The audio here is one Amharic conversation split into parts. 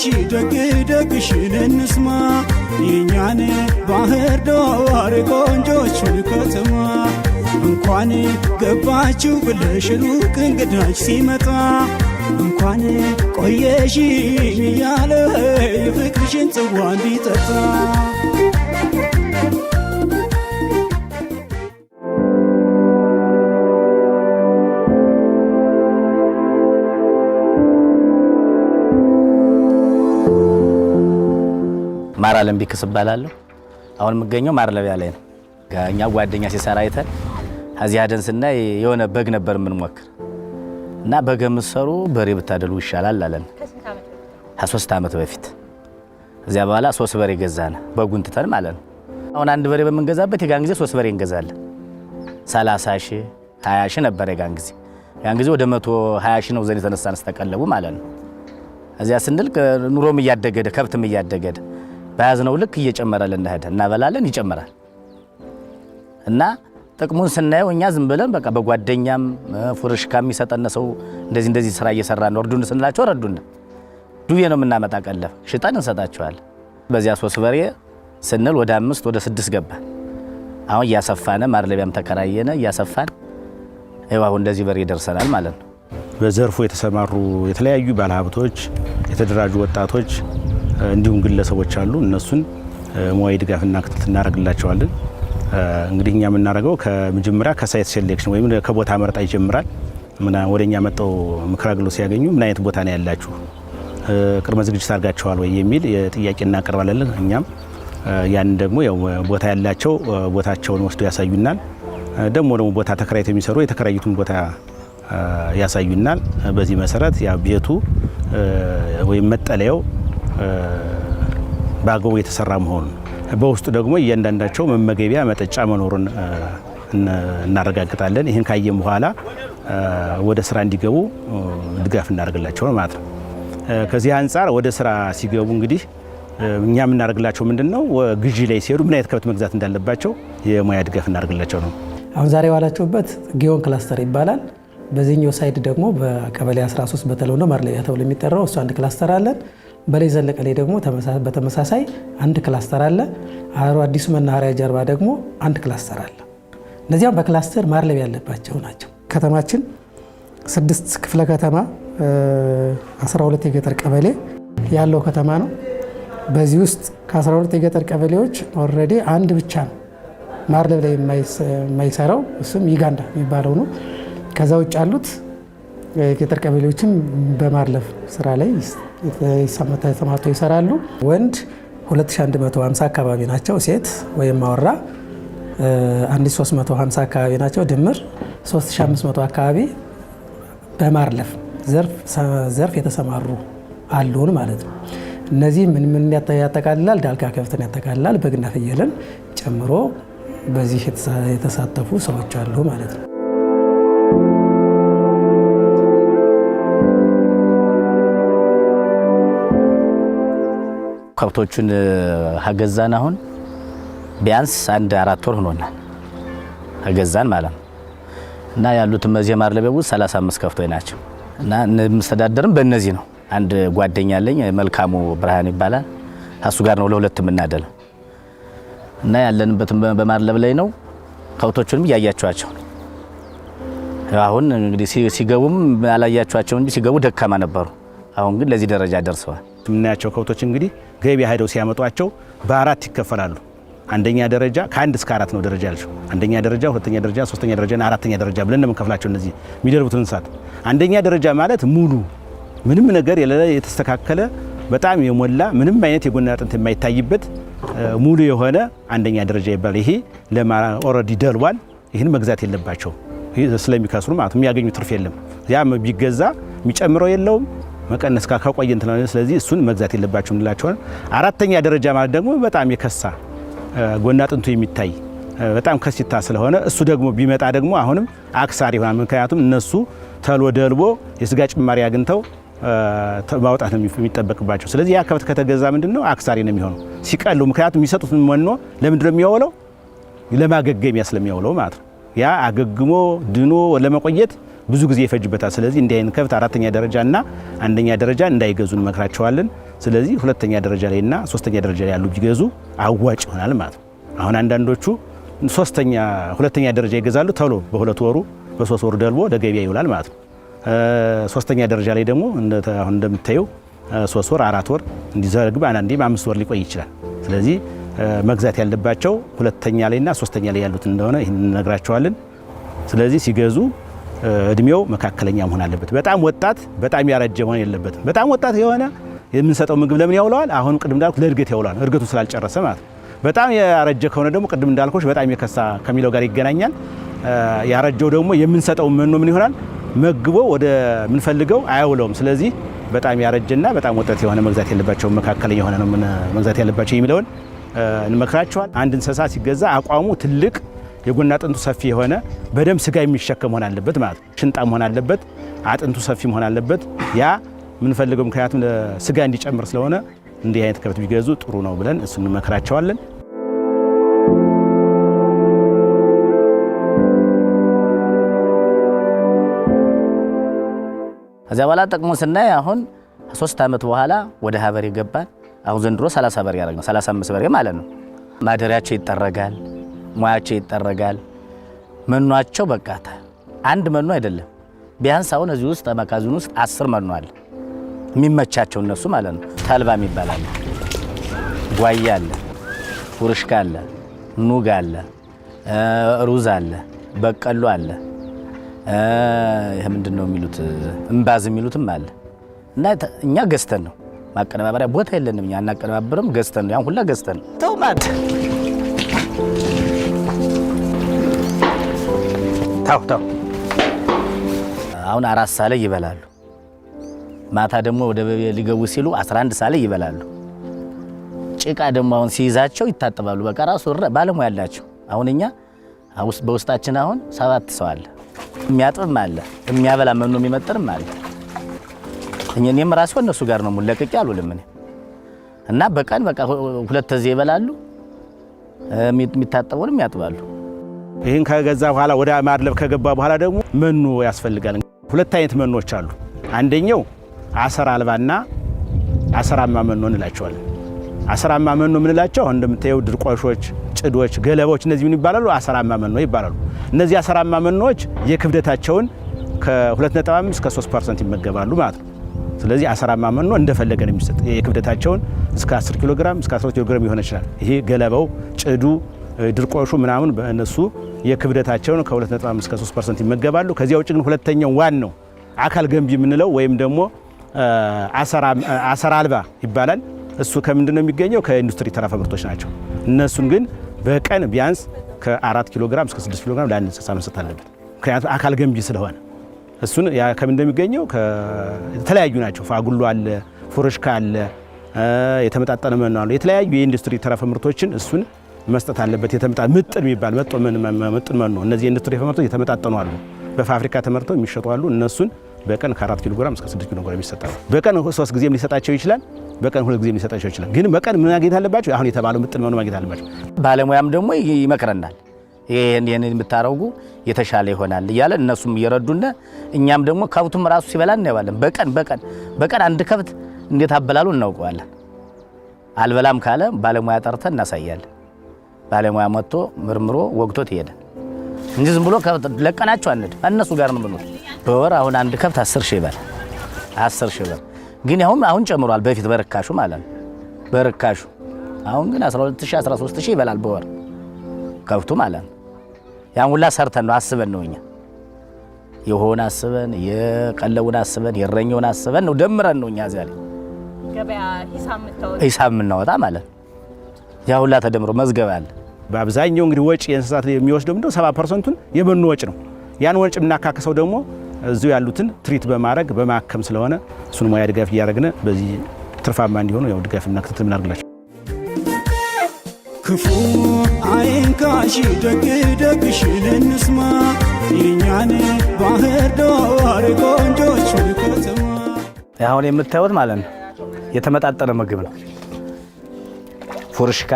ከሺ ደግ ደግሽን እንስማ የእኛን ባህር ዳር ቆንጆችን ከተማ እንኳን ገባችሁ ብለሽ ሩቅ እንግዳች ሲመጣ እንኳን ቆየሽ እያለ የፍቅርሽን ጽዋ እንዲጠጣ ዘላለም ቢክስ እባላለሁ። አሁን የምገኘው ማርለቢያ ላይ ነው። እኛ ጓደኛ ሲሰራ አይተን እዚህ አደን ስናይ የሆነ በግ ነበር የምንሞክር እና በግ የምትሰሩ በሬ ብታደሉ ይሻላል አለን። ከሶስት ዓመት በፊት እዚያ በኋላ ሶስት በሬ ገዛን፣ በጉን ትተን ማለት ነው። አሁን አንድ በሬ በምንገዛበት የጋን ጊዜ ሶስት በሬ እንገዛለን። 30 ሺ 20 ሺ ነበር የጋን ጊዜ። ያን ጊዜ ወደ 120 ሺ ነው ዘን የተነሳን ስተቀለቡ ማለት ነው። እዚያ ስንል ኑሮም እያደገደ ከብትም እያደገደ በያዝነው ልክ እየጨመረልን ሄደ። እናበላለን፣ ይጨምራል እና ጥቅሙን ስናየው እኛ ዝም ብለን በቃ በጓደኛም ፉርሽ ከሚሰጠን ሰው እንደዚህ እንደዚህ ስራ እየሰራ ነው እርዱን ስንላቸው ረዱን። ዱቤ ነው የምናመጣ ቀለፍ ሽጠን እንሰጣቸዋል። በዚያ ሶስት በሬ ስንል ወደ አምስት ወደ ስድስት ገባ። አሁን እያሰፋነ ማድለቢያም ተከራየነ እያሰፋን ይኸው እንደዚህ በሬ ደርሰናል ማለት ነው። በዘርፉ የተሰማሩ የተለያዩ ባለሀብቶች፣ የተደራጁ ወጣቶች እንዲሁም ግለሰቦች አሉ። እነሱን ሙያዊ ድጋፍና ክትትል እናደርግላቸዋለን። እንግዲህ እኛ የምናደርገው ከመጀመሪያ ከሳይት ሴሌክሽን ወይም ከቦታ መረጣ ይጀምራል። ወደ እኛ መጠው ምክረ አገልግሎት ሲያገኙ ምን አይነት ቦታ ነው ያላችሁ፣ ቅድመ ዝግጅት አድርጋችኋል ወይ የሚል ጥያቄ እናቀርባለን። እኛም ያንን ደግሞ ያው ቦታ ያላቸው ቦታቸውን ወስዶ ያሳዩናል። ደግሞ ደግሞ ቦታ ተከራይተው የሚሰሩ የተከራዩትን ቦታ ያሳዩናል። በዚህ መሰረት ያ ቤቱ ወይም መጠለያው በአግባቡ የተሰራ መሆኑን በውስጡ ደግሞ እያንዳንዳቸው መመገቢያ፣ መጠጫ መኖሩን እናረጋግጣለን። ይህን ካየም በኋላ ወደ ስራ እንዲገቡ ድጋፍ ነው ማለት ነው። ከዚህ አንጻር ወደ ስራ ሲገቡ እንግዲህ እኛ የምናደርግላቸው ምንድን ነው፣ ግዢ ላይ ሲሄዱ ምን አይነት ከብት መግዛት እንዳለባቸው የሙያ ድጋፍ እናደርግላቸው ነው። አሁን ዛሬ ዋላችሁበት ጊዮን ክላስተር ይባላል። በዚህኛው ሳይድ ደግሞ በቀበሌ 13 በተለምዶ ማርለያ ተብሎ የሚጠራው እሱ አንድ ክላስተር አለን። በላይ ዘለቀ ላይ ደግሞ በተመሳሳይ አንድ ክላስተር አለ። አዲሱ መናኸሪያ ጀርባ ደግሞ አንድ ክላስተር አለ። እነዚያም በክላስተር ማርለብ ያለባቸው ናቸው። ከተማችን ስድስት ክፍለ ከተማ 12 የገጠር ቀበሌ ያለው ከተማ ነው። በዚህ ውስጥ ከ12 የገጠር ቀበሌዎች ኦልሬዲ አንድ ብቻ ነው ማርለብ ላይ የማይሰራው እሱም ይጋንዳ የሚባለው ነው። ከዛ ውጭ ያሉት የገጠር ቀበሌዎችን በማድለብ ስራ ላይ ተሰማርተው ይሰራሉ። ወንድ 2150 አካባቢ ናቸው። ሴት ወይም አወራ 1350 አካባቢ ናቸው። ድምር 3500 አካባቢ በማድለብ ዘርፍ የተሰማሩ አሉን ማለት ነው። እነዚህ ምን ምን ያጠቃልላል? ዳልጋ ከብትን ያጠቃልላል። በግና ፍየልን ጨምሮ በዚህ የተሳተፉ ሰዎች አሉ ማለት ነው። ከብቶቹን ሀገዛን አሁን ቢያንስ አንድ አራት ወር ሆኖናል ሀገዛን ማለት ነው። እና ያሉት እነዚህ የማድለቢያ ውስጥ 35 ከብቶች ናቸው። እና የምስተዳደርም በእነዚህ ነው። አንድ ጓደኛ አለኝ መልካሙ ብርሃን ይባላል። እሱ ጋር ነው ለሁለት የምናደለው እና ያለንበትም በማርለብ ላይ ነው። ከብቶቹንም እያያቸዋቸው አሁን እንግዲህ ሲገቡም አላያቸዋቸው እንጂ ሲገቡ ደካማ ነበሩ። አሁን ግን ለዚህ ደረጃ ደርሰዋል። የምናያቸው ከብቶች እንግዲህ ገበያ ሄደው ሲያመጧቸው በአራት ይከፈላሉ። አንደኛ ደረጃ ከአንድ እስከ አራት ነው ደረጃ ያልሽው። አንደኛ ደረጃ፣ ሁለተኛ ደረጃ፣ ሶስተኛ ደረጃና አራተኛ ደረጃ ብለን ነው የምንከፍላቸው እነዚህ የሚደርቡትን እንስሳት። አንደኛ ደረጃ ማለት ሙሉ ምንም ነገር የለለ የተስተካከለ በጣም የሞላ ምንም አይነት የጎን አጥንት የማይታይበት ሙሉ የሆነ አንደኛ ደረጃ ይባላል። ይሄ ኦልሬዲ ደልቧል። ይህን መግዛት የለባቸው ስለሚከስሩ ማለት የሚያገኙ ትርፍ የለም። ያ ቢገዛ የሚጨምረው የለውም መቀነስ ጋር ከቆየን ስለዚህ እሱን መግዛት የለባቸው እንላቸዋለን። አራተኛ ደረጃ ማለት ደግሞ በጣም የከሳ ጎና አጥንቱ የሚታይ በጣም ከሲታ ስለሆነ እሱ ደግሞ ቢመጣ ደግሞ አሁንም አክሳሪ ይሆናል። ምክንያቱም እነሱ ተሎ ደልቦ የስጋ ጭማሪ አግኝተው ማውጣት ነው የሚጠበቅባቸው። ስለዚህ ያ ከብት ከተገዛ ምንድን ነው አክሳሪ ነው የሚሆነው ሲቀሉ። ምክንያቱም የሚሰጡትን መኖ ለምንድን ነው የሚያውለው? ለማገገሚያ ስለሚያውለው ማለት ነው። ያ አገግሞ ድኖ ለመቆየት ብዙ ጊዜ ይፈጅበታል። ስለዚህ እንዲህ አይነት ከብት አራተኛ ደረጃና አንደኛ ደረጃ እንዳይገዙ እንመክራቸዋለን። ስለዚህ ሁለተኛ ደረጃ ላይና ሶስተኛ ደረጃ ላይ ያሉ ቢገዙ አዋጭ ይሆናል ማለት ነው። አሁን አንዳንዶቹ ሶስተኛ ሁለተኛ ደረጃ ይገዛሉ ተብሎ በሁለት ወሩ በሶስት ወሩ ደልቦ ለገበያ ይውላል ማለት ነው። ሶስተኛ ደረጃ ላይ ደግሞ አሁን እንደምታየው ሶስት ወር አራት ወር እንዲዘረግብ አንዳንዴም አምስት ወር ሊቆይ ይችላል። ስለዚህ መግዛት ያለባቸው ሁለተኛ ላይና ሶስተኛ ላይ ያሉት እንደሆነ ይህን እነግራቸዋለን። ስለዚህ ሲገዙ እድሜው መካከለኛ መሆን አለበት። በጣም ወጣት፣ በጣም ያረጀ መሆን የለበትም። በጣም ወጣት የሆነ የምንሰጠው ምግብ ለምን ያውለዋል? አሁን ቅድም እንዳልኩት ለእድገት ያውለዋል፣ እድገቱ ስላልጨረሰ ማለት ነው። በጣም ያረጀ ከሆነ ደግሞ ቅድም እንዳልኩሽ በጣም የከሳ ከሚለው ጋር ይገናኛል። ያረጀው ደግሞ የምንሰጠው መኖ ምን ይሆናል? መግቦ ወደ ምንፈልገው አያውለውም። ስለዚህ በጣም ያረጀና በጣም ወጣት የሆነ መግዛት ያለባቸው መካከለኛ የሆነ ነው መግዛት ያለባቸው የሚለውን እንመክራቸዋል። አንድ እንስሳ ሲገዛ አቋሙ ትልቅ የጎን አጥንቱ ሰፊ የሆነ በደም ስጋ የሚሸከም መሆን አለበት ማለት ነው። ሽንጣ መሆን አለበት፣ አጥንቱ ሰፊ መሆን አለበት። ያ የምንፈልገው ምክንያቱም ስጋ እንዲጨምር ስለሆነ እንዲህ አይነት ከብት ቢገዙ ጥሩ ነው ብለን እሱ እንመክራቸዋለን። ከዚያ በኋላ ጥቅሙ ስናይ አሁን ሶስት ዓመት በኋላ ወደ ሀበር ይገባል። አሁን ዘንድሮ 30 በሬ ያደረግነው 35 በሬ ማለት ነው። ማደሪያቸው ይጠረጋል። ሙያቸው ይጠረጋል። መኗቸው በቃ አንድ መኖ አይደለም። ቢያንስ አሁን እዚህ ውስጥ መጋዘን ውስጥ አስር መኖ አለ የሚመቻቸው እነሱ ማለት ነው። ተልባም ይባላል ጓያ አለ፣ ፉርሽካ አለ፣ ኑግ አለ፣ ሩዝ አለ፣ በቀሎ አለ፣ ይህ ምንድን ነው የሚሉት እምባዝ የሚሉትም አለ እና እኛ ገዝተን ነው ማቀነባበሪያ ቦታ የለንም። እኛ አናቀነባብርም፣ ገዝተን ነው ያን ሁላ ገዝተን ነው ተውማድ ታው ታው አሁን አራት ሳለ ላይ ይበላሉ። ማታ ደግሞ ወደ በቤ ሊገቡ ሲሉ 11 ሳለ ላይ ይበላሉ። ጭቃ ደግሞ አሁን ሲይዛቸው ይታጠባሉ። በቃ ራሱ ባለሙያ አላቸው። አሁን እኛ በውስጣችን አሁን ሰባት ሰው አለ። የሚያጥብም አለ፣ የሚያበላ መኖ የሚመጥርም አለ። እኔም ራሱ እነሱ ጋር ነው ሙለቅቅ ያሉ እኔ እና በቀን በቃ ሁለት ተዚህ ይበላሉ፣ የሚታጠበውንም ያጥባሉ። ይህን ከገዛ በኋላ ወደ ማድለብ ከገባ በኋላ ደግሞ መኖ ያስፈልጋል። ሁለት አይነት መኖች አሉ። አንደኛው አሰር አልባና አሰራማ መኖ እንላቸዋለን። አሰራማ መኖ የምንላቸው አሁን እንደምታየው ድርቆሾች፣ ጭዶች፣ ገለባዎች እነዚህ ምን ይባላሉ? አሰራማ መኖ ይባላሉ። እነዚህ አሰራማ መኖዎች የክብደታቸውን ከ2.5 እስከ 3 ፐርሰንት ይመገባሉ ማለት ነው። ስለዚህ አሰራማ መኖ እንደፈለገ ነው የሚሰጥ። የክብደታቸውን እስከ 10 ኪሎ ግራም እስከ 12 ኪሎ ግራም ይሆን ይችላል። ይሄ ገለባው፣ ጭዱ፣ ድርቆሹ ምናምን በእነሱ የክብደታቸውን ከ2.5 እስከ 3 ፐርሰንት ይመገባሉ። ከዚያ ውጭ ግን ሁለተኛው ዋናው አካል ገንቢ የምንለው ወይም ደግሞ አሰር አልባ ይባላል። እሱ ከምንድን ነው የሚገኘው? ከኢንዱስትሪ ተረፈ ምርቶች ናቸው። እነሱን ግን በቀን ቢያንስ ከ4 ኪሎ ግራም እስከ 6 ኪሎ ግራም ለአንድ እንስሳ መስጠት አለበት። ምክንያቱም አካል ገንቢ ስለሆነ እሱን ከምን እንደሚገኘው የተለያዩ ናቸው። ፋጉሎ አለ፣ ፉርሽካ አለ፣ የተመጣጠነ መኖ አለ። የተለያዩ የኢንዱስትሪ ተረፈ ምርቶችን እሱን መስጠት አለበት። የተመጣ ምጥን የሚባል መጥን መኖ እነዚህ ኢንዱስትሪ ተመርተው የተመጣጠኑ አሉ። በፋብሪካ ተመርተው የሚሸጡ አሉ። እነሱን በቀን ከአራት ኪሎ ግራም እስከ ስድስት ኪሎ ግራም ይሰጣል። በቀን ሶስት ጊዜም ሊሰጣቸው ይችላል። በቀን ሁለት ጊዜም ሊሰጣቸው ይችላል። ግን በቀን ምን ማግኘት አለባቸው? አሁን የተባለው ምጥን መኖ ማግኘት አለባቸው። ባለሙያም ደግሞ ይመክረናል። ይህን የምታረጉ የተሻለ ይሆናል እያለ እነሱም እየረዱና እኛም ደግሞ ከብቱም ራሱ ሲበላ እናየዋለን። በቀን በቀን በቀን አንድ ከብት እንዴት አበላሉ እናውቀዋለን። አልበላም ካለ ባለሙያ ጠርተን እናሳያለን። ባለሙያ መጥቶ ምርምሮ ወግቶ ይሄዳል እንጂ ዝም ብሎ ለቀናቸው አንድ እነሱ ጋር ነው ብሎ በወር አሁን አንድ ከብት 10 ሺህ ይበል 10 ሺህ ይበል ግን አሁን አሁን ጨምሯል። በፊት በርካሹ ማለት ነው በርካሹ አሁን ግን 13 ሺህ ይበላል በወር ከብቱ ማለት ነው። ያን ሁላ ሰርተን ነው አስበን ነው እኛ የሆነ አስበን የቀለቡን አስበን የረኘውን አስበን ነው ደምረን ነው እኛ እዚያ ገበያ ሂሳብ የምናወጣ ማለት ያ ሁላ ተደምሮ መዝገብ አለ። በአብዛኛው እንግዲህ ወጪ የእንስሳት የሚወስደው ምንድነው ሰባ ፐርሰንቱን የመኖ ወጪ ነው። ያን ወጪ የምናካክሰው ደግሞ እዚሁ ያሉትን ትሪት በማድረግ በማከም ስለሆነ እሱን ሙያ ድጋፍ እያደረግን በዚህ ትርፋማ እንዲሆኑ ያው ድጋፍ እና ክትትል ምናደርግላቸው ክፉ አይንካሽ ደግ ደግሽን እንስማ የእኛን ባህር ዳር ቆንጆች ከተማ አሁን የምታዩት ማለት ነው የተመጣጠነ ምግብ ነው ፉርሽካ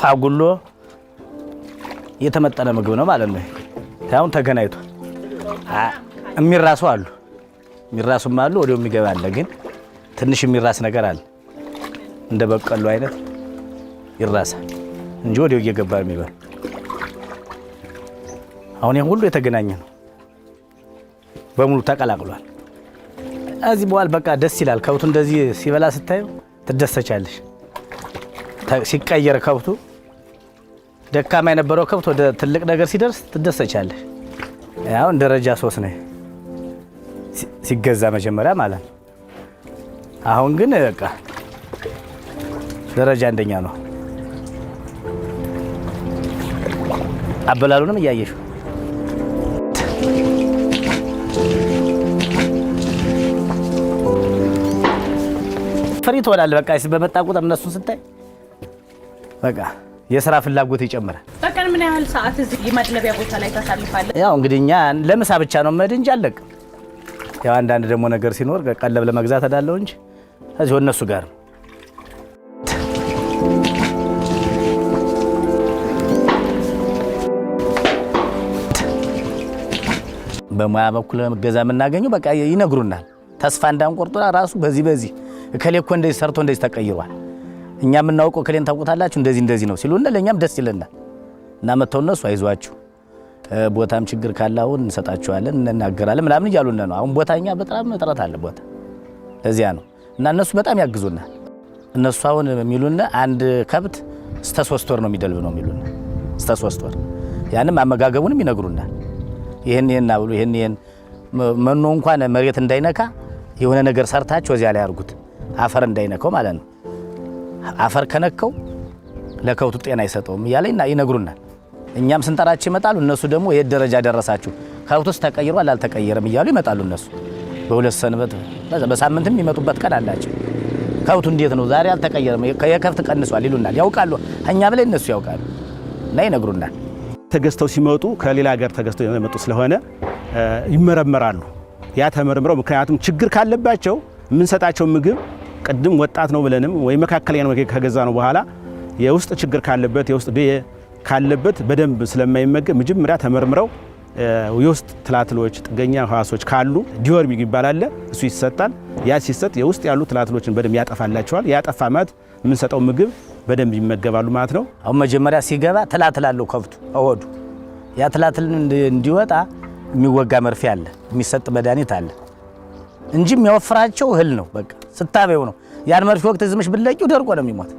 ፋጉሎ የተመጠነ ምግብ ነው ማለት ነው። ታውን ተገናኝቷል። የሚራሱ አሉ፣ የሚራሱም አሉ፣ ወዲው የሚገባ አለ። ግን ትንሽ የሚራስ ነገር አለ። እንደ በቀሉ አይነት ይራሳል እንጂ ወዲው እየገባ የሚበል አሁን ይህ ሁሉ የተገናኘ ነው፣ በሙሉ ተቀላቅሏል። እዚህ በኋላ በቃ ደስ ይላል። ከብቱ እንደዚህ ሲበላ ስታዩ ትደሰቻለሽ። ሲቀየር ከብቱ ደካማ የነበረው ከብት ወደ ትልቅ ነገር ሲደርስ ትደሰቻለህ። አሁን ደረጃ ሶስት ነው ሲገዛ መጀመሪያ ማለት ነው። አሁን ግን በቃ ደረጃ አንደኛ ነው። አበላሉንም እያየሽው ፍሪ ትሆናለህ። በቃ በመጣ ቁጥር እነሱን ስታይ በቃ የስራ ፍላጎት ይጨምራል። በቀን ምን ያህል ሰዓት እዚህ ማድለቢያ ቦታ ላይ ታሳልፋለህ? ያው እንግዲህ እኛ ለምሳ ብቻ ነው መድ እንጂ አለቅ። ያው አንዳንድ ደግሞ ነገር ሲኖር ቀለብ ለመግዛት እዳለው እንጂ እዚሁ እነሱ ጋር ነው። በሙያ በኩል እገዛ የምናገኘው በቃ ይነግሩናል። ተስፋ እንዳንቆርጦ ራሱ በዚህ በዚህ እከሌ እኮ እንደዚህ ሰርቶ እንደዚህ ተቀይሯል እኛ የምናውቀው ክሌን ታውቁታላችሁ እንደዚህ እንደዚህ ነው ሲሉ ለእኛም ደስ ይለናል እና መተው እነሱ አይዟችሁ ቦታም ችግር ካላሁን እንሰጣችኋለን እንናገራለን ምናምን እያሉን ነው። አሁን ቦታኛ በጣም እጥረት አለ ቦታ ለዚያ ነው እና እነሱ በጣም ያግዙናል። እነሱ አሁን የሚሉን አንድ ከብት እስተ ሶስት ወር ነው የሚደልብ ነው የሚሉን እስተ ሶስት ወር ያንም አመጋገቡንም ይነግሩናል። ይህን ይህን አብሉ ይህን ይህን መኖ እንኳን መሬት እንዳይነካ የሆነ ነገር ሰርታችሁ እዚያ ላይ አድርጉት አፈር እንዳይነካው ማለት ነው አፈር ከነከው ለከብቱ ጤና አይሰጠውም እያለ ይነግሩናል። እኛም ስንጠራቸው ይመጣሉ። እነሱ ደግሞ የት ደረጃ ደረሳችሁ፣ ከብቱስ ተቀይሯል አልተቀየረም እያሉ ይመጣሉ። እነሱ በሁለት ሰንበት በሳምንትም የሚመጡበት ቀን አላቸው። ከብቱ እንዴት ነው ዛሬ አልተቀየረም፣ የከብት ቀንሷል ይሉናል። ያውቃሉ እኛ በላይ እነሱ ያውቃሉ እና ይነግሩናል። ተገዝተው ሲመጡ ከሌላ ሀገር ተገዝተው የመጡ ስለሆነ ይመረመራሉ። ያ ተመርምረው ምክንያቱም ችግር ካለባቸው የምንሰጣቸው ምግብ ቅድም ወጣት ነው ብለንም ወይም መካከለኛ ነው ከገዛ ነው በኋላ የውስጥ ችግር ካለበት የውስጥ ደ ካለበት በደንብ ስለማይመገብ መጀመሪያ ተመርምረው የውስጥ ትላትሎች ጥገኛ ህዋሶች ካሉ ዲወርሚግ የሚባል አለ። እሱ ይሰጣል። ያ ሲሰጥ የውስጥ ያሉ ትላትሎችን በደንብ ያጠፋላቸዋል። ያጠፋ ማለት የምንሰጠው ምግብ በደንብ ይመገባሉ ማለት ነው። አሁን መጀመሪያ ሲገባ ትላትል አለው ከብቱ እሆዱ ያ ትላትል እንዲወጣ የሚወጋ መርፌ አለ፣ የሚሰጥ መድኃኒት አለ እንጂ የሚያወፍራቸው እህል ነው በቃ ስታበይው ነው። ያን መርፌ ወቅት ዝምሽ ብለቂው ደርቆ ነው የሚሞት።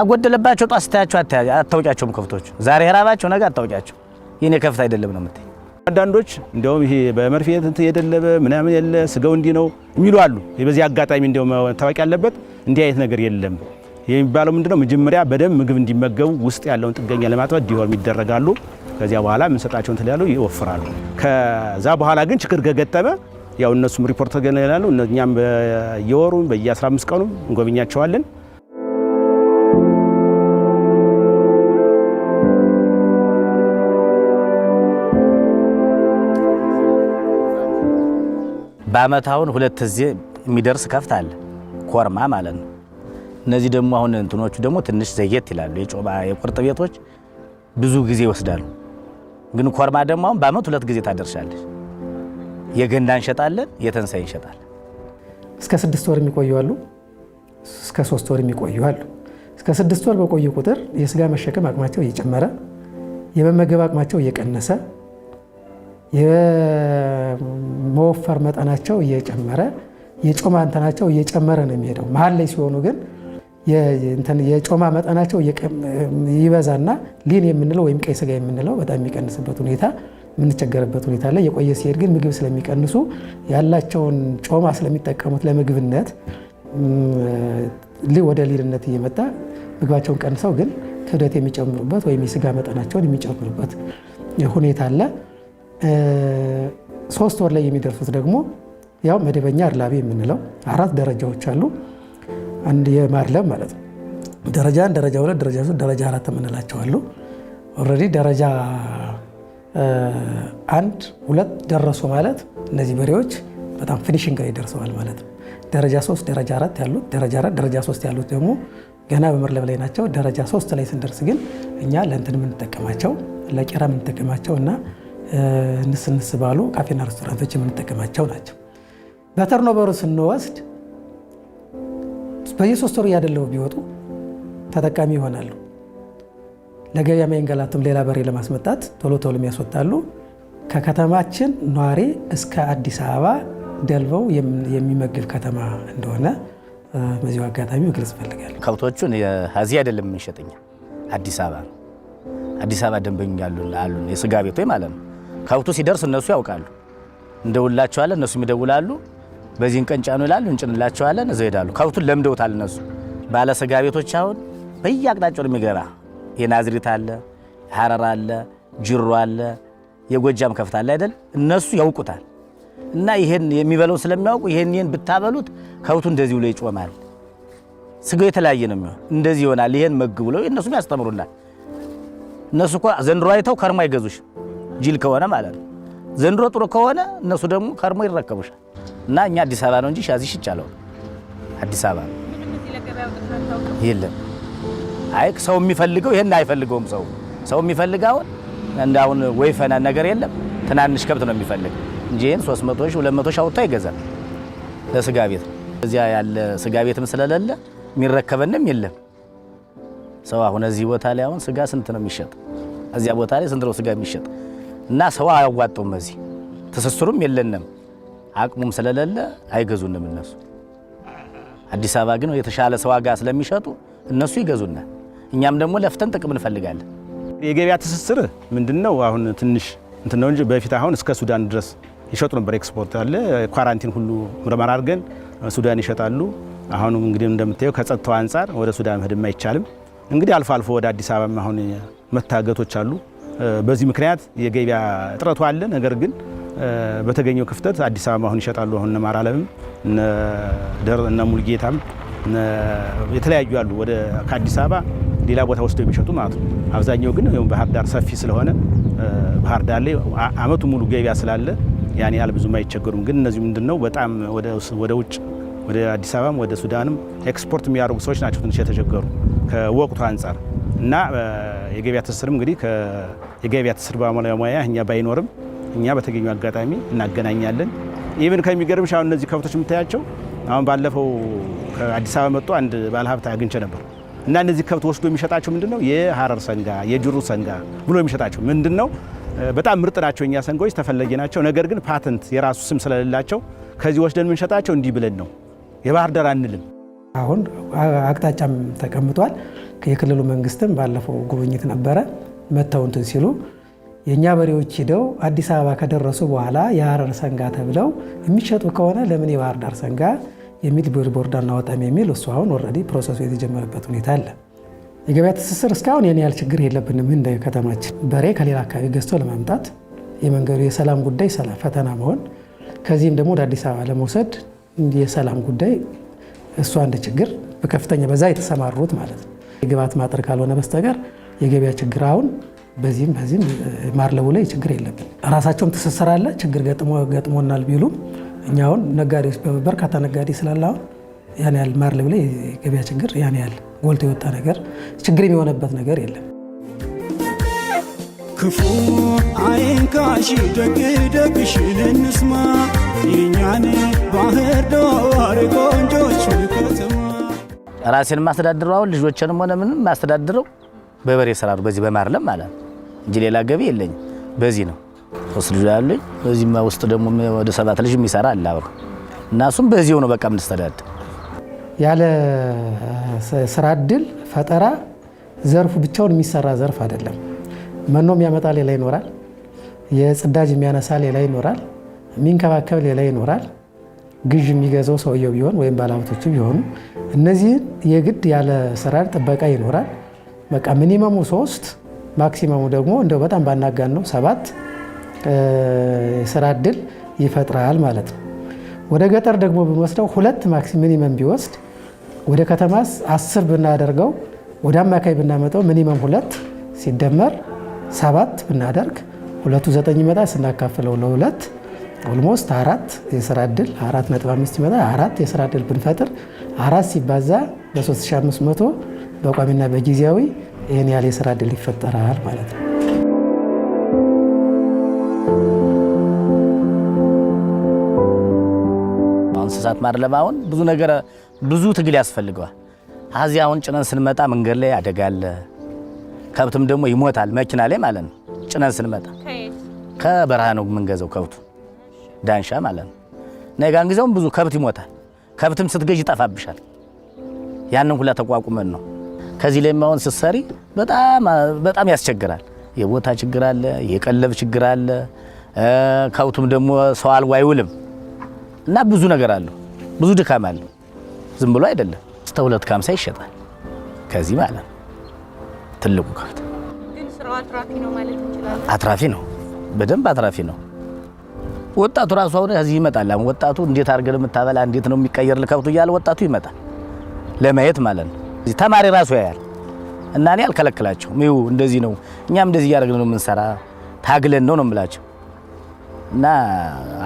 አጎደለባቸው ጧት ስታያቸው አታውቂያቸውም። ከፍቶች ዛሬ የራባቸው ነገ አታውቂያቸው። የኔ ከፍት አይደለም ነው የምትይኝ። አንዳንዶች እንደውም ይሄ በመርፌ የደለበ ምናምን የለ ስጋው እንዲህ ነው የሚሉ አሉ። በዚህ አጋጣሚ እንደውም ታዋቂ ያለበት እንዲህ አይነት ነገር የለም የሚባለው ምንድነው፣ መጀመሪያ በደንብ ምግብ እንዲመገቡ ውስጥ ያለውን ጥገኛ ለማጥፋት ዲወርም ይደረጋሉ። ከዚያ በኋላ የምንሰጣቸውን ትላሉ ይወፍራሉ። ከዛ በኋላ ግን ችግር ከገጠመ ያው እነሱም ሪፖርት ተገናኛሉ። እኛም በየወሩ በየ15 ቀኑ እንጎብኛቸዋለን። በአመታውን አሁን ሁለት ጊዜ የሚደርስ ከፍት አለ፣ ኮርማ ማለት ነው። እነዚህ ደግሞ አሁን እንትኖቹ ደግሞ ትንሽ ዘየት ይላሉ። የጮባ የቁርጥ ቤቶች ብዙ ጊዜ ይወስዳሉ። ግን ኮርማ ደግሞ አሁን በአመት ሁለት ጊዜ ታደርሻለች። የገንዳ እንሸጣለን፣ የተንሳይ እንሸጣለን። እስከ ስድስት ወር የሚቆዩ አሉ፣ እስከ ሶስት ወር የሚቆዩ አሉ። እስከ ስድስት ወር በቆዩ ቁጥር የስጋ መሸከም አቅማቸው እየጨመረ የመመገብ አቅማቸው እየቀነሰ የመወፈር መጠናቸው እየጨመረ የጮማ እንትናቸው እየጨመረ ነው የሚሄደው። መሀል ላይ ሲሆኑ ግን የጮማ መጠናቸው ይበዛና ሊን የምንለው ወይም ቀይ ስጋ የምንለው በጣም የሚቀንስበት ሁኔታ የምንቸገርበት ሁኔታ ላይ የቆየ ሲሄድ ግን ምግብ ስለሚቀንሱ ያላቸውን ጮማ ስለሚጠቀሙት ለምግብነት ወደ ሊርነት እየመጣ ምግባቸውን ቀንሰው ግን ክብደት የሚጨምሩበት ወይም የስጋ መጠናቸውን የሚጨምሩበት ሁኔታ አለ። ሶስት ወር ላይ የሚደርሱት ደግሞ ያው መደበኛ አድላቢ የምንለው አራት ደረጃዎች አሉ። አንድ የማድለብ ማለት ነው። ደረጃ አንድ፣ ደረጃ ሁለት፣ ደረጃ ሶስት፣ ደረጃ አራት የምንላቸው አሉ። ኦልሬዲ ደረጃ አንድ ሁለት ደረሱ ማለት እነዚህ በሬዎች በጣም ፊኒሽንግ ላይ ደርሰዋል ማለት ነው። ደረጃ ሶስት ደረጃ አራት ያሉት ደረጃ አራት ደረጃ ሶስት ያሉት ደግሞ ገና በመርለብ ላይ ናቸው። ደረጃ ሶስት ላይ ስንደርስ ግን እኛ ለእንትን የምንጠቀማቸው ለቄራ የምንጠቀማቸው እና ንስንስ ባሉ ካፌና ሬስቶራንቶች የምንጠቀማቸው ናቸው። በተርኖበሩ ስንወስድ በየሶስት ወሩ እያደለው ቢወጡ ተጠቃሚ ይሆናሉ። ለገበያ መንገላትም ሌላ በሬ ለማስመጣት ቶሎ ቶሎ የሚያስወጣሉ። ከከተማችን ኗሪ እስከ አዲስ አበባ ደልበው የሚመግብ ከተማ እንደሆነ በዚሁ አጋጣሚ መግለጽ ይፈልጋል። ከብቶቹን እዚህ አይደለም የምንሸጠኛ አዲስ አበባ ነው። አዲስ አበባ ደንበኛ አሉን፣ የስጋ ቤቶች ማለት ነው። ከብቱ ሲደርስ እነሱ ያውቃሉ፣ እንደውላቸዋለን። እነሱም ይደውላሉ። በዚህ እንቀንጫኑ ይላሉ፣ እንጭንላቸዋለን። እዛ ይሄዳሉ። ከብቱን ለምደውታል እነሱ ባለ ስጋ ቤቶች። አሁን በየአቅጣጫው የሚገባ የናዝሪት አለ፣ ሀረር አለ፣ ጅሮ አለ፣ የጎጃም ከፍታ አለ አይደል? እነሱ ያውቁታል። እና ይሄን የሚበለው ስለሚያውቁ ይሄን ብታበሉት ከብቱ እንደዚህ ብሎ ይጮማል፣ ስጋው የተለያየ ነው የሚሆን፣ እንደዚህ ይሆናል፣ ይሄን መግ ብሎ እነሱም ያስተምሩናል። እነሱ እኮ ዘንድሮ አይተው ከርሞ አይገዙሽ፣ ጅል ከሆነ ማለት ነው። ዘንድሮ ጥሩ ከሆነ እነሱ ደግሞ ከርሞ ይረከቡሻል። እና እኛ አዲስ አበባ ነው እንጂ ሻዚሽ ይቻለው አዲስ አበባ የለም። አይ ሰው የሚፈልገው ይሄን አይፈልገውም። ሰው ሰው የሚፈልግ አሁን እንደ አሁን ወይ ፈና ነገር የለም ትናንሽ ከብት ነው የሚፈልግ እንጂ ይሄን 300 ሺህ 200 ሺህ አውጥቶ አይገዛም ለስጋ ቤት። እዚያ ያለ ስጋ ቤትም ስለሌለ የሚረከበንም የለም። ሰው አሁን እዚህ ቦታ ላይ አሁን ስጋ ስንት ነው የሚሸጥ? እዚያ ቦታ ላይ ስንት ነው ስጋ የሚሸጥ? እና ሰው አያዋጣውም። እዚህ ትስስሩም የለንም አቅሙም ስለሌለ አይገዙንም እነሱ። አዲስ አበባ ግን የተሻለ ሰው ዋጋ ስለሚሸጡ እነሱ ይገዙናል። እኛም ደግሞ ለፍተን ጥቅም እንፈልጋለን። የገበያ ትስስር ምንድን ነው? አሁን ትንሽ እንትን ነው እንጂ በፊት አሁን እስከ ሱዳን ድረስ ይሸጡ ነበር። ኤክስፖርት አለ። ኳራንቲን ሁሉ ምርመራ አድርገን ሱዳን ይሸጣሉ። አሁን እንግዲህ እንደምታየው ከጸጥታው አንጻር ወደ ሱዳን መሄድም አይቻልም። እንግዲህ አልፎ አልፎ ወደ አዲስ አበባም አሁን መታገቶች አሉ። በዚህ ምክንያት የገበያ እጥረቱ አለ። ነገር ግን በተገኘው ክፍተት አዲስ አበባ አሁን ይሸጣሉ። አሁን እነ ማራለምም እነ ሙልጌታም የተለያዩ አሉ ወደ ከአዲስ አበባ ሌላ ቦታ ወስደው የሚሸጡ ማለት ነው። አብዛኛው ግን ባህር ዳር ሰፊ ስለሆነ ባህር ዳር ላይ አመቱ ሙሉ ገቢያ ስላለ ያን ያህል ብዙም አይቸገሩም። ግን እነዚህ ምንድን ነው በጣም ወደ ውጭ ወደ አዲስ አበባም ወደ ሱዳንም ኤክስፖርት የሚያደርጉ ሰዎች ናቸው ትንሽ የተቸገሩ ከወቅቱ አንጻር እና የገቢያ ትስስርም እንግዲህ የገቢያ ትስስር ባለሙያ እኛ ባይኖርም እኛ በተገኙ አጋጣሚ እናገናኛለን። ኢቨን ከሚገርምሽ አሁን እነዚህ ከብቶች የምታያቸው አሁን ባለፈው ከአዲስ አበባ መጡ አንድ ባለሀብት አግኝቼ ነበር። እና እነዚህ ከብት ወስዶ የሚሸጣቸው ምንድን ነው? የሀረር ሰንጋ፣ የጅሩ ሰንጋ ብሎ የሚሸጣቸው ምንድን ነው? በጣም ምርጥ ናቸው። እኛ ሰንጋዎች ተፈላጊ ናቸው። ነገር ግን ፓተንት የራሱ ስም ስለሌላቸው ከዚህ ወስደን የምንሸጣቸው እንዲህ ብለን ነው። የባህር ዳር አንልም። አሁን አቅጣጫም ተቀምጧል። የክልሉ መንግስትም ባለፈው ጉብኝት ነበረ መተው እንትን ሲሉ የእኛ በሬዎች ሂደው አዲስ አበባ ከደረሱ በኋላ የሀረር ሰንጋ ተብለው የሚሸጡ ከሆነ ለምን የባህር ዳር ሰንጋ የሚል ቦርድ አናወጣም የሚል እሱ አሁን ኦልሬዲ ፕሮሰሱ የተጀመረበት ሁኔታ አለ። የገበያ ትስስር እስካሁን የኔ ያህል ችግር የለብንም። እንደ ከተማችን በሬ ከሌላ አካባቢ ገዝቶ ለማምጣት የመንገዱ የሰላም ጉዳይ ሰላም ፈተና መሆን፣ ከዚህም ደግሞ ወደ አዲስ አበባ ለመውሰድ የሰላም ጉዳይ እሱ አንድ ችግር በከፍተኛ በዛ የተሰማሩት ማለት ነው። የግብዓት ማጠር ካልሆነ በስተቀር የገበያ ችግር አሁን በዚህም በዚህም ማርለቡ ላይ ችግር የለብን። ራሳቸውም ትስስር አለ ችግር ገጥሞናል ቢሉም እኛ አሁን ነጋዴዎች በርካታ ነጋዴ ስላለ አሁን ያን ያህል ማር ልብላ የገበያ ችግር ያን ያህል ጎልቶ የወጣ ነገር ችግር የሚሆነበት ነገር የለም። ክፉ አይንካሽ፣ ደግ ደግሽን እንስማ። የኛን ባህር ዳር ቆንጆች ከተማ ራሴን ማስተዳድረው አሁን ልጆችንም ሆነ ምንም ማስተዳድረው በበሬ ስራ ነው። በዚህ በማርለም ማለት እንጂ ሌላ ገቢ የለኝም። በዚህ ነው ሶስት ልጅ ያለኝ በዚህም ውስጥ ደግሞ ወደ ሰባት ልጅ የሚሰራ አለ አብሮ እና እሱም በዚሁ ነው በቃ የምንስተዳደር። ያለ ስራ እድል ፈጠራ ዘርፉ ብቻውን የሚሰራ ዘርፍ አይደለም። መኖ የሚያመጣ ሌላ ይኖራል፣ የጽዳጅ የሚያነሳ ሌላ ይኖራል፣ የሚንከባከብ ሌላ ይኖራል። ግዥ የሚገዛው ሰውየው ቢሆን ወይም ባለሀብቶቹ ቢሆኑ እነዚህን የግድ ያለ ስራ ጥበቃ ይኖራል። በቃ ሚኒመሙ ሶስት ማክሲመሙ ደግሞ እንደው በጣም ባናጋን ነው ሰባት የስራ እድል ይፈጥራል ማለት ነው። ወደ ገጠር ደግሞ ብንወስደው ሁለት ማክሲ ሚኒመም ቢወስድ ወደ ከተማስ አስር ብናደርገው ወደ አማካይ ብናመጣው ሚኒመም ሁለት ሲደመር ሰባት ብናደርግ ሁለቱ ዘጠኝ ይመጣ ስናካፍለው ለሁለት ኦልሞስት አራት የስራ እድል አራት ነጥብ አምስት ይመጣ አራት የስራ እድል ብንፈጥር አራት ሲባዛ በ3500 በቋሚና በጊዜያዊ ይህን ያህል የስራ እድል ይፈጠራል ማለት ነው። እንስሳት ማድለም አሁን ብዙ ነገር ብዙ ትግል ያስፈልገዋል። እዚህ አሁን ጭነን ስንመጣ መንገድ ላይ አደጋ አለ። ከብትም ደግሞ ይሞታል መኪና ላይ ማለት ነው። ጭነን ስንመጣ ከበረሃ ነው የምንገዛው ከብቱ ዳንሻ ማለት ነው። ነጋን ጊዜውም ብዙ ከብት ይሞታል። ከብትም ስትገዥ ይጠፋብሻል። ያንን ሁላ ተቋቁመን ነው ከዚህ ላይ አሁን ስትሰሪ በጣም ያስቸግራል። የቦታ ችግር አለ፣ የቀለብ ችግር አለ። ከብቱም ደግሞ ሰው አልባ አይውልም። እና ብዙ ነገር አለው፣ ብዙ ድካም አለው። ዝም ብሎ አይደለም። እስከ ሁለት ከሀምሳ ይሸጣል። ከዚህ ማለት ትልቁ ከብት አትራፊ ነው፣ በደንብ አትራፊ ነው። ወጣቱ ራሱ አሁን እዚህ ይመጣል። አሁን ወጣቱ እንዴት አድርገን የምታበላ እንዴት ነው የሚቀየር ከብቱ እያለ ወጣቱ ይመጣል ለማየት ማለት ነው። ተማሪ ራሱ ያያል እና እኔ አልከለክላቸው ይኸው እንደዚህ ነው፣ እኛም እንደዚህ እያደረግን ነው የምንሰራ ታግለን ነው ነው የምላቸው እና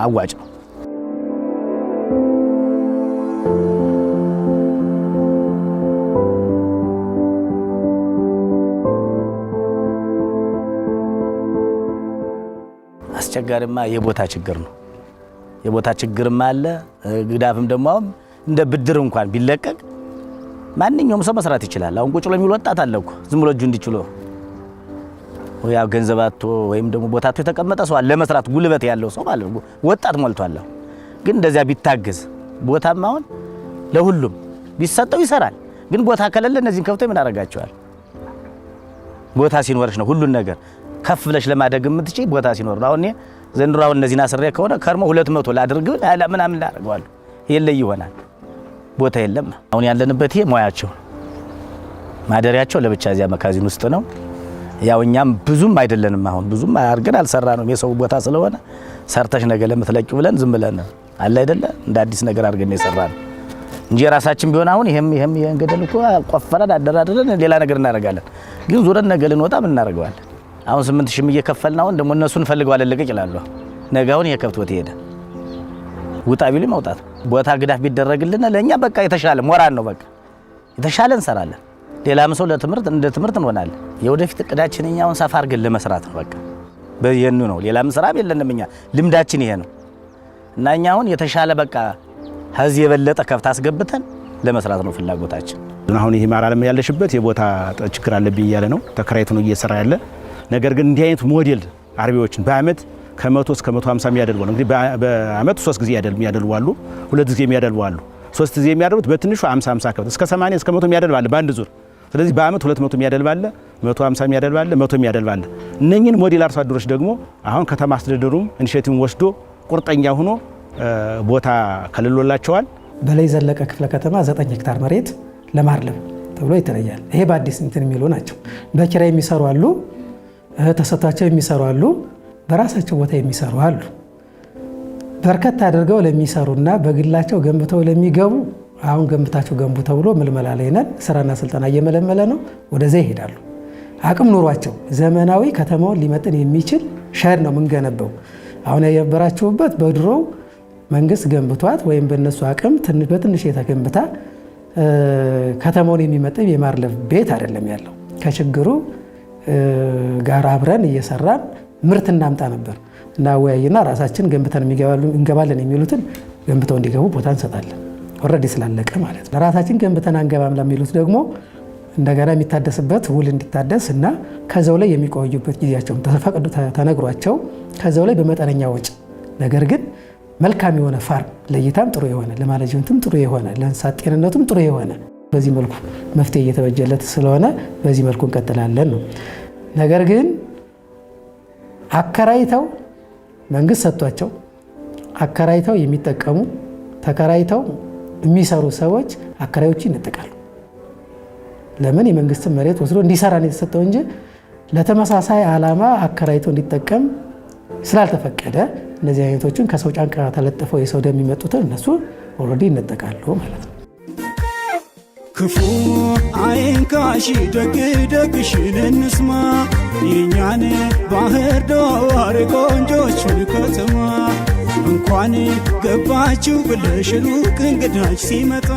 አዋጭ አስቸጋሪማ የቦታ ችግር ነው። የቦታ ችግርም አለ። ግዳፍም ደግሞ አሁን እንደ ብድር እንኳን ቢለቀቅ ማንኛውም ሰው መስራት ይችላል። አሁን ቁጭ ብሎ የሚል ወጣት አለ እኮ ዝም ብሎ እጁ እንዲችሎ ያ ገንዘብ አቶ ወይም ደግሞ ቦታ አቶ የተቀመጠ ሰው አለ ለመስራት ጉልበት ያለው ሰው ማለት ነው። ወጣት ሞልቷል። ግን እንደዚያ ቢታገዝ ቦታም አሁን ለሁሉም ቢሰጠው ይሰራል። ግን ቦታ ከሌለ እነዚህን ከብቶ ምን አደርጋቸዋል? ቦታ ሲኖርሽ ነው ሁሉን ነገር ከፍ ብለሽ ለማደግ የምትችይ ቦታ ሲኖር ነው። አሁን ዘንድሮ አሁን እነዚህን አስሬ ከሆነ ከርሞ ሁለት መቶ ላድርግ ምናምን ላደርገዋለሁ የለይ ይሆናል። ቦታ የለም። አሁን ያለንበት ይሄ ሙያቸው ማደሪያቸው ለብቻ እዚያ መካዚን ውስጥ ነው። ያው እኛም ብዙም አይደለንም። አሁን ብዙም አርገን አልሰራ ነው የሰው ቦታ ስለሆነ ሰርተሽ ነገ ለምትለቂው ብለን ዝም ብለን አለ አይደለ እንደ አዲስ ነገር አድርገን ነው የሰራ እንጂ የራሳችን ቢሆን አሁን ይሄም ይሄም ይሄን ገደል እኮ ቆፈረን አደራድረን ሌላ ነገር እናደርጋለን። ግን ዙረን ነገ ልንወጣ ምን እናደርገዋለን? አሁን ስምንት ሺህም እየከፈልን አሁን ደግሞ እነሱን ፈልገው አለለቀቅ ይላሉ። ነገ አሁን ከብት ወት ሄደ ውጣ ቢሉ መውጣት ቦታ ግዳፍ ቢደረግልን ለእኛ በቃ የተሻለ ሞራል ነው። በቃ የተሻለ እንሰራለን። ሌላም ሰው ለትምህርት እንደ ትምህርት እንሆናለን። የወደፊት እቅዳችን እኛ አሁን ሰፋ አድርገን ለመስራት ነው። በቃ በየኑ ነው። ሌላም ስራም የለንም። እኛ ልምዳችን ይሄ ነው እና እኛ አሁን የተሻለ በቃ ከዚህ የበለጠ ከብት አስገብተን ለመስራት ነው ፍላጎታችን። አሁን ይሄ ማር አለም ያለሽበት የቦታ ችግር አለብኝ እያለ ነው ተከራይቶ ነው እየሰራ ያለ ነገር ግን እንዲህ አይነት ሞዴል አርቢዎችን በአመት ከመቶ እስከ መቶ ሀምሳ የሚያደልቡ ነው። እንግዲህ በአመት ሶስት ጊዜ የሚያደልቡ አሉ፣ ሁለት ጊዜ የሚያደልቡ አሉ፣ ሶስት ጊዜ የሚያደልቡት በትንሹ ሀምሳ ሀምሳ ከብት እስከ ሰማንያ እስከ መቶ የሚያደልብ አለ በአንድ ዙር። ስለዚህ በአመት ሁለት መቶ የሚያደልብ አለ፣ መቶ ሀምሳ የሚያደልብ አለ፣ መቶ የሚያደልብ አለ። ሞዴል አርሶ አደሮች ደግሞ አሁን ከተማ አስተዳደሩም ኢኒሼቲቭን ወስዶ ቁርጠኛ ሆኖ ቦታ ከልሎላቸዋል። በላይ ዘለቀ ክፍለ ከተማ ዘጠኝ ሄክታር መሬት ለማርለም ተብሎ ይተለያል። ይሄ በአዲስ እንትን የሚሉ ናቸው። በኪራይ የሚሰሩ አሉ ተሰጥቷቸው የሚሰሩ አሉ፣ በራሳቸው ቦታ የሚሰሩ አሉ። በርከት አድርገው ለሚሰሩና በግላቸው ገንብተው ለሚገቡ አሁን ገንብታቸው ገንቡ ተብሎ ምልመላ ላይ ነን። ስራና ስልጠና እየመለመለ ነው። ወደዚያ ይሄዳሉ። አቅም ኑሯቸው ዘመናዊ ከተማውን ሊመጥን የሚችል ሸድ ነው የምንገነበው። አሁን ያየበራችሁበት በድሮ መንግስት ገንብቷት ወይም በእነሱ አቅም በትንሽ የተገንብታ ከተማውን የሚመጥን የማርለፍ ቤት አይደለም ያለው ከችግሩ ጋር አብረን እየሰራን ምርት እናምጣ ነበር። ወያይና ራሳችን ገንብተን እንገባለን የሚሉትን ገንብተው እንዲገቡ ቦታ እንሰጣለን። ወረድ ስላለቀ ማለት ነው። ራሳችን ገንብተን አንገባም ለሚሉት ደግሞ እንደገና የሚታደስበት ውል እንዲታደስ እና ከዛው ላይ የሚቆዩበት ጊዜያቸው ተፈቅዶ ተነግሯቸው ከዛው ላይ በመጠነኛ ወጪ ነገር ግን መልካም የሆነ ፋርም ለእይታም ጥሩ የሆነ ለማኔጅመንትም ጥሩ የሆነ ለእንስሳት ጤንነቱም ጥሩ የሆነ በዚህ መልኩ መፍትሄ እየተበጀለት ስለሆነ በዚህ መልኩ እንቀጥላለን ነው። ነገር ግን አከራይተው መንግስት ሰጥቷቸው አከራይተው የሚጠቀሙ ተከራይተው የሚሰሩ ሰዎች አከራዮቹ ይነጠቃሉ። ለምን? የመንግስትን መሬት ወስዶ እንዲሰራ ነው የተሰጠው እንጂ ለተመሳሳይ ዓላማ አከራይቶ እንዲጠቀም ስላልተፈቀደ እነዚህ አይነቶችን ከሰው ጫንቃ ተለጥፈው የሰው ደም የሚመጡትን እነሱ ኦልሬዲ ይነጠቃሉ ማለት ነው። ክፉ አይንካሽ ደግ ደግሽን እንስማ የእኛን ባህር ዳር ቆንጆችን ከተማ እንኳን ገባችሁ ብለሽ ሩቅ እንግዳች ሲመጣ